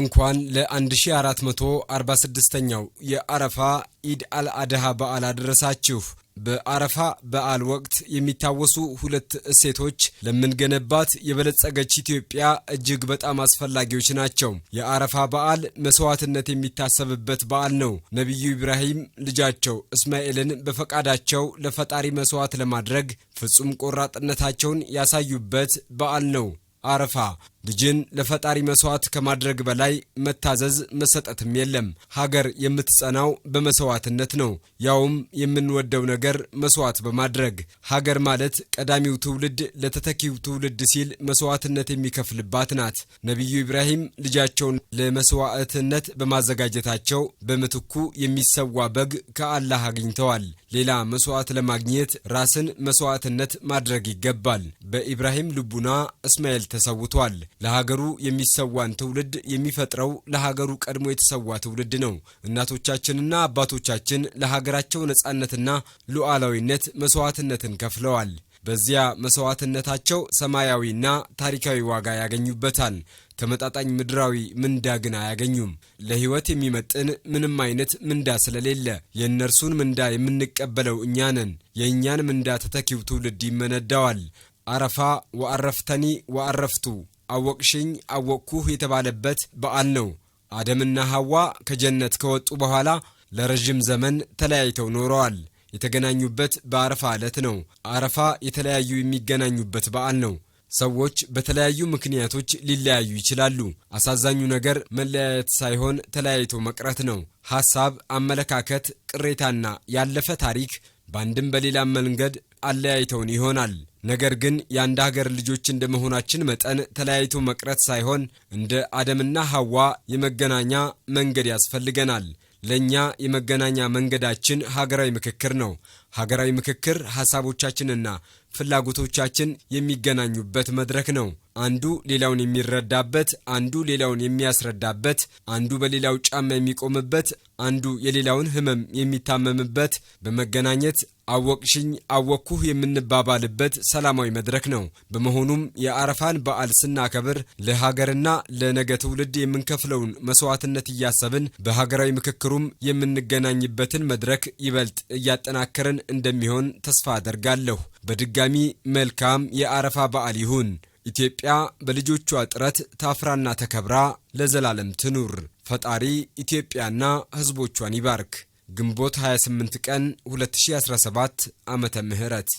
እንኳን ለ1446ኛው የአረፋ ኢድ አልአድሃ በዓል አደረሳችሁ። በአረፋ በዓል ወቅት የሚታወሱ ሁለት እሴቶች ለምንገነባት የበለጸገች ኢትዮጵያ እጅግ በጣም አስፈላጊዎች ናቸው። የአረፋ በዓል መስዋዕትነት የሚታሰብበት በዓል ነው። ነቢዩ ኢብራሂም ልጃቸው እስማኤልን በፈቃዳቸው ለፈጣሪ መስዋዕት ለማድረግ ፍጹም ቆራጥነታቸውን ያሳዩበት በዓል ነው። አረፋ ልጅን ለፈጣሪ መስዋዕት ከማድረግ በላይ መታዘዝ መሰጠትም የለም። ሀገር የምትጸናው በመስዋዕትነት ነው፣ ያውም የምንወደው ነገር መስዋዕት በማድረግ። ሀገር ማለት ቀዳሚው ትውልድ ለተተኪው ትውልድ ሲል መስዋዕትነት የሚከፍልባት ናት። ነቢዩ ኢብራሂም ልጃቸውን ለመስዋዕትነት በማዘጋጀታቸው በምትኩ የሚሰዋ በግ ከአላህ አግኝተዋል። ሌላ መስዋዕት ለማግኘት ራስን መስዋዕትነት ማድረግ ይገባል። በኢብራሂም ልቡና እስማኤል ተሰውቷል። ለሀገሩ የሚሰዋን ትውልድ የሚፈጥረው ለሀገሩ ቀድሞ የተሰዋ ትውልድ ነው። እናቶቻችንና አባቶቻችን ለሀገራቸው ነጻነትና ሉዓላዊነት መስዋዕትነትን ከፍለዋል። በዚያ መስዋዕትነታቸው ሰማያዊና ታሪካዊ ዋጋ ያገኙበታል። ተመጣጣኝ ምድራዊ ምንዳ ግን አያገኙም። ለሕይወት የሚመጥን ምንም አይነት ምንዳ ስለሌለ የእነርሱን ምንዳ የምንቀበለው እኛ ነን። የእኛን ምንዳ ተተኪው ትውልድ ይመነዳዋል። አረፋ ወአረፍተኒ ወአረፍቱ አወቅሽኝ አወቅኩህ የተባለበት በዓል ነው። አደምና ሐዋ ከጀነት ከወጡ በኋላ ለረዥም ዘመን ተለያይተው ኖረዋል። የተገናኙበት በአረፋ ዕለት ነው። አረፋ የተለያዩ የሚገናኙበት በዓል ነው። ሰዎች በተለያዩ ምክንያቶች ሊለያዩ ይችላሉ። አሳዛኙ ነገር መለያየት ሳይሆን ተለያይቶ መቅረት ነው። ሐሳብ፣ አመለካከት፣ ቅሬታና ያለፈ ታሪክ በአንድም በሌላም መንገድ አለያይተውን ይሆናል። ነገር ግን የአንድ ሀገር ልጆች እንደመሆናችን መጠን ተለያይቶ መቅረት ሳይሆን እንደ አደምና ሐዋ የመገናኛ መንገድ ያስፈልገናል። ለእኛ የመገናኛ መንገዳችን ሀገራዊ ምክክር ነው። ሀገራዊ ምክክር ሀሳቦቻችንና ፍላጎቶቻችን የሚገናኙበት መድረክ ነው። አንዱ ሌላውን የሚረዳበት፣ አንዱ ሌላውን የሚያስረዳበት፣ አንዱ በሌላው ጫማ የሚቆምበት፣ አንዱ የሌላውን ሕመም የሚታመምበት በመገናኘት አወቅሽኝ አወቅኩህ የምንባባልበት ሰላማዊ መድረክ ነው። በመሆኑም የአረፋን በዓል ስናከብር ለሀገርና ለነገ ትውልድ የምንከፍለውን መስዋዕትነት እያሰብን በሀገራዊ ምክክሩም የምንገናኝበትን መድረክ ይበልጥ እያጠናከርን እንደሚሆን ተስፋ አደርጋለሁ። በድጋሚ መልካም የአረፋ በዓል ይሁን። ኢትዮጵያ በልጆቿ ጥረት ታፍራና ተከብራ ለዘላለም ትኑር። ፈጣሪ ኢትዮጵያና ሕዝቦቿን ይባርክ። ግንቦት 28 ቀን 2017 ዓመተ ምህረት